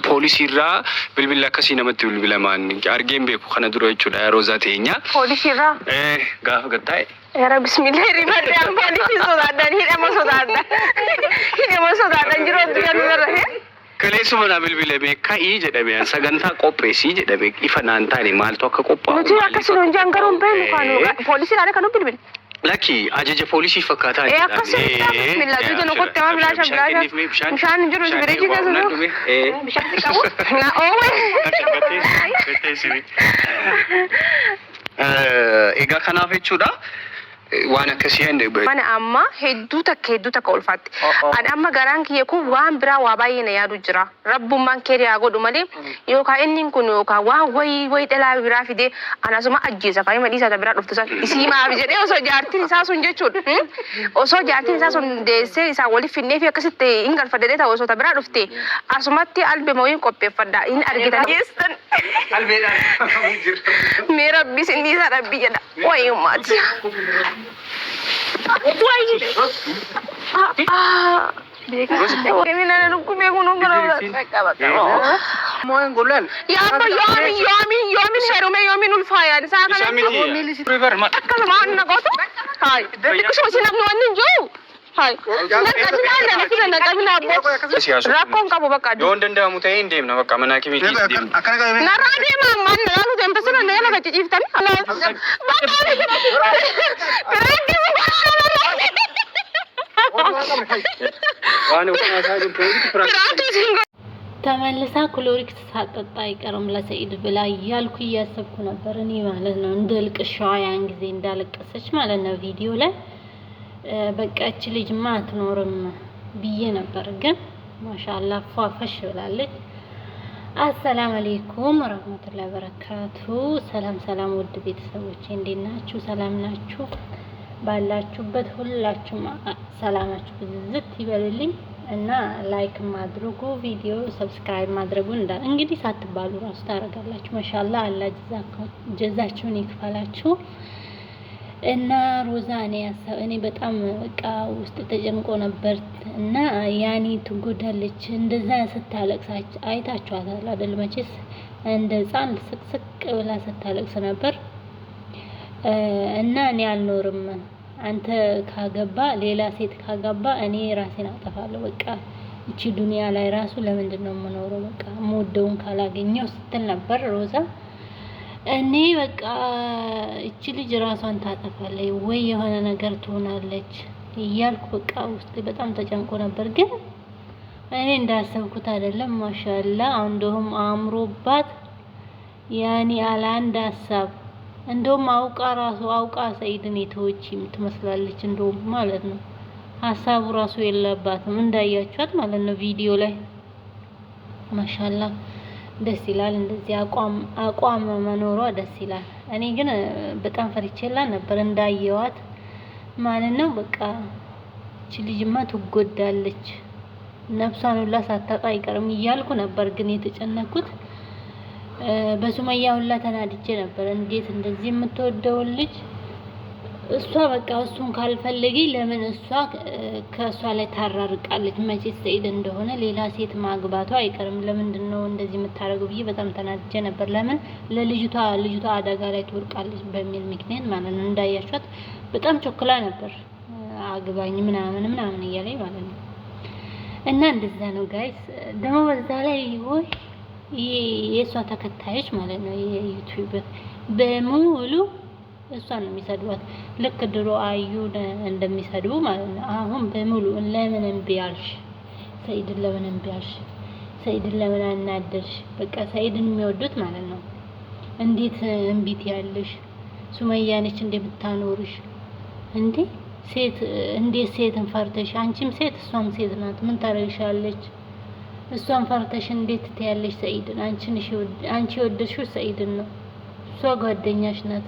poolisiirraa bilbilli akkasii namatti bilbilamaan argeen beeku kana dura jechuudha yeroo roozaa teenya. Poolisiirraa. Gaafa gataa'e. Yara bismillahi rimaan poolisiin sodaadhaan hidhama sodaadhaan hidhama sodaadhaan jiru addunyaan irra. Kaleessuma naa bilbilame ka'ii jedhame sagantaa qopheessii jedhame ifa naan taane maaltu akka qophaa'u. Nuti akkasii nuun jaan garuu hin beeknu kaanu poolisiin haala kanuun bilbile. Lakkii ajaja poolisii fakkaataa jira. Akkasuma isaaf miillatu itti nukutti hama bilaasha bilaasha bishaan jiru si bireechi keessa jiru. Bishaan qabu. Na oowe. Egaa kanaaf jechuudha. waan akkasii hin mana amma hedduu takka hedduu takka ulfaatti an amma garaan kiyya kun waan biraa waa baay'ee na yaadu jira rabbummaan kee yaa godhu malee yookaan inni kun yookaan waan wayii wayii dhalaa biraa fidee anasuma ajjeesa kaa'ima dhiisaa biraa dhuftu san isii maaf jedhee osoo jaartiin isaa sun jechuudha osoo jaartiin isaa sun deessee isaa waliif finnee fi akkasitti hin galfadhee ta'u osoo biraa dhufte asumatti albe mooyin qopheeffadha hin argitan. Albeedhaan. Mee rabbiis inni isaa rabbi jedha. Wayii ummaati. ሆኖ ተመልሳ ክሎሪክስ ሳጠጣ አይቀርም ለሰኢድ ብላ እያልኩ እያሰብኩ ነበር እኔ ማለት ነው። እንደ ያን ጊዜ እንዳለቀሰች ማለት ነው ቪዲዮ ላይ በቃ እች ልጅማ አትኖርም ብዬ ነበር፣ ግን ማሻአላ ፏፈሽ ብላለች። አሰላም አለይኩም ወራህመቱላሂ ወበረካቱ። ሰላም ሰላም፣ ውድ ቤተሰቦች እንዴት ናችሁ? ሰላም ናችሁ? ባላችሁበት ሁላችሁም ሰላማችሁ ብዝት ይበልልኝ እና ላይክ ማድረጉ ቪዲዮ ሰብስክራይብ ማድረጉ እንዳ እንግዲህ ሳትባሉ ራሱ ታደርጋላችሁ። ማሻአላ አላ ጀዛችሁን ይክፈላችሁ። እና ሮዛ እኔ እኔ በጣም እቃ ውስጥ ተጨንቆ ነበር እና ያኔ ትጎዳለች እንደዛ ስታለቅሳች አይታችኋታል አይደል? መቼስ እንደ ህፃን ስቅስቅ ብላ ስታለቅስ ነበር። እና እኔ አልኖርም፣ አንተ ካገባ ሌላ ሴት ካገባ እኔ ራሴን አጠፋለሁ። በቃ እቺ ዱንያ ላይ ራሱ ለምንድን ነው የምኖረው? በቃ የምወደውን ካላገኘው ስትል ነበር ሮዛ እኔ በቃ እቺ ልጅ ራሷን ታጠፋለች ወይ የሆነ ነገር ትሆናለች እያልኩ በቃ ውስጥ በጣም ተጨንቆ ነበር። ግን እኔ እንዳሰብኩት አይደለም። ማሻላ አሁን እንደውም አእምሮባት ያኔ አለ አንድ ሀሳብ እንደውም አውቃ ራሱ አውቃ ሰይድን የተወች ትመስላለች። እንደውም ማለት ነው ሀሳቡ ራሱ የለባትም እንዳያችኋት ማለት ነው ቪዲዮ ላይ ማሻላ ደስ ይላል። እንደዚህ አቋም አቋም መኖሯ ደስ ይላል። እኔ ግን በጣም ፈርቼላት ነበር እንዳየዋት ማለት ነው። በቃ እቺ ልጅማ ትጎዳለች ነፍሷን ሁላ ሳታጣ አይቀርም እያልኩ ነበር። ግን የተጨነኩት በሱመያ ሁላ ተናድጄ ነበር። እንዴት እንደዚህ የምትወደውን ልጅ እሷ በቃ እሱን ካልፈለጊ ለምን እሷ ከእሷ ላይ ታራርቃለች? መቼ ሰኢድ እንደሆነ ሌላ ሴት ማግባቷ አይቀርም። ለምንድን ነው እንደዚህ የምታደርገው ብዬ በጣም ተናድጄ ነበር። ለምን ለልጅቷ ልጅቷ አደጋ ላይ ትወድቃለች በሚል ምክንያት ማለት ነው። እንዳያችኋት በጣም ቾክላ ነበር፣ አግባኝ ምናምን ምናምን እያለኝ ማለት ነው። እና እንደዛ ነው ጋይስ። ደግሞ በዛ ላይ ወይ የእሷ ተከታዮች ማለት ነው የዩቲዩበር በሙሉ እሷን ነው የሚሰድቧት። ልክ ድሮ አዩ እንደሚሰድቡ ማለት ነው። አሁን በሙሉ ለምን እምቢ አልሽ? ሰኢድን ለምን እምቢ አልሽ? ሰኢድን ለምን አናደርሽ? በቃ ሰኢድን የሚወዱት ማለት ነው። እንዴት እምቢት ያለሽ ነች እንደ ብታኖርሽ እንዴ ሴት እንዴት ሴትን ፈርተሽ አንቺም ሴት እሷም ሴት ናት። ምን ታደርግሻለች? እሷን ፈርተሽ እንዴት ትያለሽ? ሰኢድን አንቺ ነሽ አንቺ የወደድሽው ሰኢድን ነው። እሷ ጓደኛሽ ናት።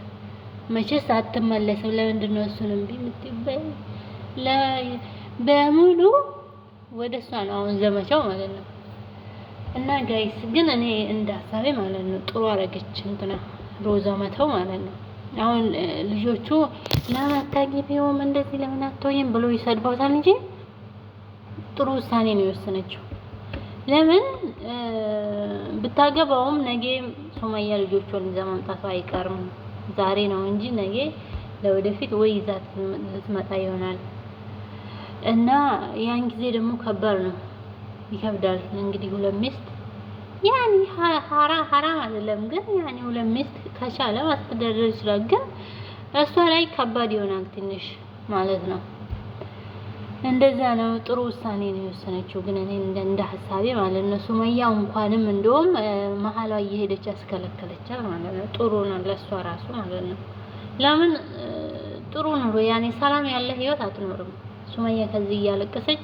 መቼስ አትመለስም። ለምንድን ነው እሱን እምቢ የምትይበት? በሙሉ ወደ እሷ ነው አሁን ዘመቻው ማለት ነው። እና ጋይስ ግን እኔ እንደ ሀሳቤ ማለት ነው ጥሩ አረገች እንትና ሮዛ መተው ማለት ነው። አሁን ልጆቹ ለምን አታገቢውም እንደዚህ ለምን አትሆኝም ብሎ ይሰድባታል እንጂ ጥሩ ውሳኔ ነው የወሰነችው። ለምን ብታገባውም ነገ ሶማያ ልጆቹን ይዛ ማምጣቷ አይቀርም። ዛሬ ነው እንጂ ነገ ለወደፊት ወይ ይዛት ልትመጣ ይሆናል እና ያን ጊዜ ደግሞ ከባድ ነው፣ ይከብዳል። እንግዲህ ሁለት ሚስት ያኒ ሀራ ሀራም አይደለም ግን ያኒ ሁለት ሚስት ከቻለ ማስተዳደር ይችላል። ግን እሷ ላይ ከባድ ይሆናል ትንሽ ማለት ነው። እንደዚያ ነው። ጥሩ ውሳኔ ነው የወሰነችው። ግን እኔ እንደ ሀሳቤ ማለት ነው ሱመያ እንኳንም እንደውም መሀሏ እየሄደች ያስከለከለቻል ማለት ነው። ጥሩ ነው ለእሷ ራሱ ማለት ነው። ለምን ጥሩ ኑሮ ያኔ ሰላም ያለ ህይወት አትኖርም ሱመያ። ከዚህ እያለቀሰች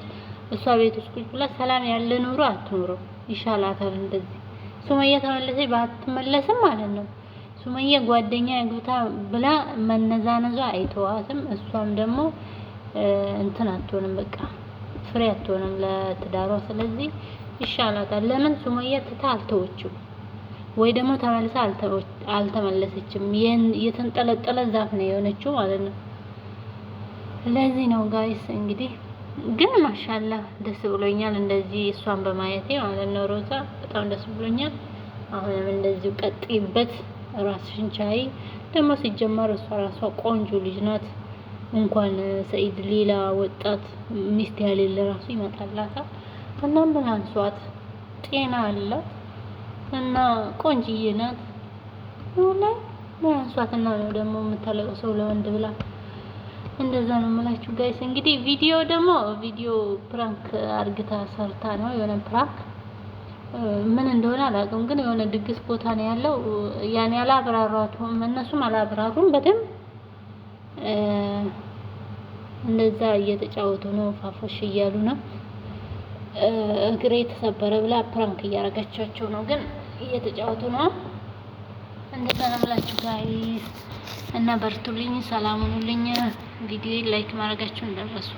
እሷ ቤት ውስጥ ቁጭ ብላ ሰላም ያለ ኑሮ አትኖርም። ይሻላታል እንደዚህ። ሱመያ ተመለሰች ባትመለስም ማለት ነው ሱመያ ጓደኛ ያግብታ ብላ መነዛነዟ አይተዋትም። እሷም ደግሞ እንትን አትሆንም፣ በቃ ፍሬ አትሆንም ለትዳሯ። ስለዚህ ይሻላታል። ለምን ሱመያ ትታ አልተወችም፣ ወይ ደግሞ ተመልሳ አልተመለሰችም። የተንጠለጠለ ዛፍ ነው የሆነችው ማለት ነው። ለዚህ ነው ጋይስ እንግዲህ ግን ማሻላ ደስ ብሎኛል፣ እንደዚህ እሷን በማየቴ ማለት ነው። ሮዛ በጣም ደስ ብሎኛል። አሁንም እንደዚሁ ቀጥይበት፣ ራስሽን ቻይ። ደግሞ ሲጀመር እሷ ራሷ ቆንጆ ልጅ ናት። እንኳን ሰኢድ ሌላ ወጣት ሚስት ያሌለ ራሱ ይመጣላታል። እና ምን አንሷት ጤና አላት እና ቆንጅዬ ናት። ላይ ምን አንሷት እና ነው ደግሞ የምታለቀው ሰው ለወንድ ብላ እንደዛ ነው የምላችሁ ጋይስ። እንግዲህ ቪዲዮ ደግሞ ቪዲዮ ፕራንክ አርግታ ሰርታ ነው የሆነ ፕራንክ ምን እንደሆነ አላውቅም፣ ግን የሆነ ድግስ ቦታ ነው ያለው። ያኔ አላብራሯትም፣ እነሱም አላብራሩም በደምብ እንደዛ እየተጫወቱ ነው፣ ፋፎሽ እያሉ ነው። እግሬ ተሰበረ ብላ ፕራንክ እያረገቻቸው ነው፣ ግን እየተጫወቱ ነው። እንደዛ ነው ብላችሁ ጋይስ እና በርቱልኝ፣ ሰላም ሁኑልኝ። ቪዲዮ ላይክ ማድረጋችሁ እንደረሱ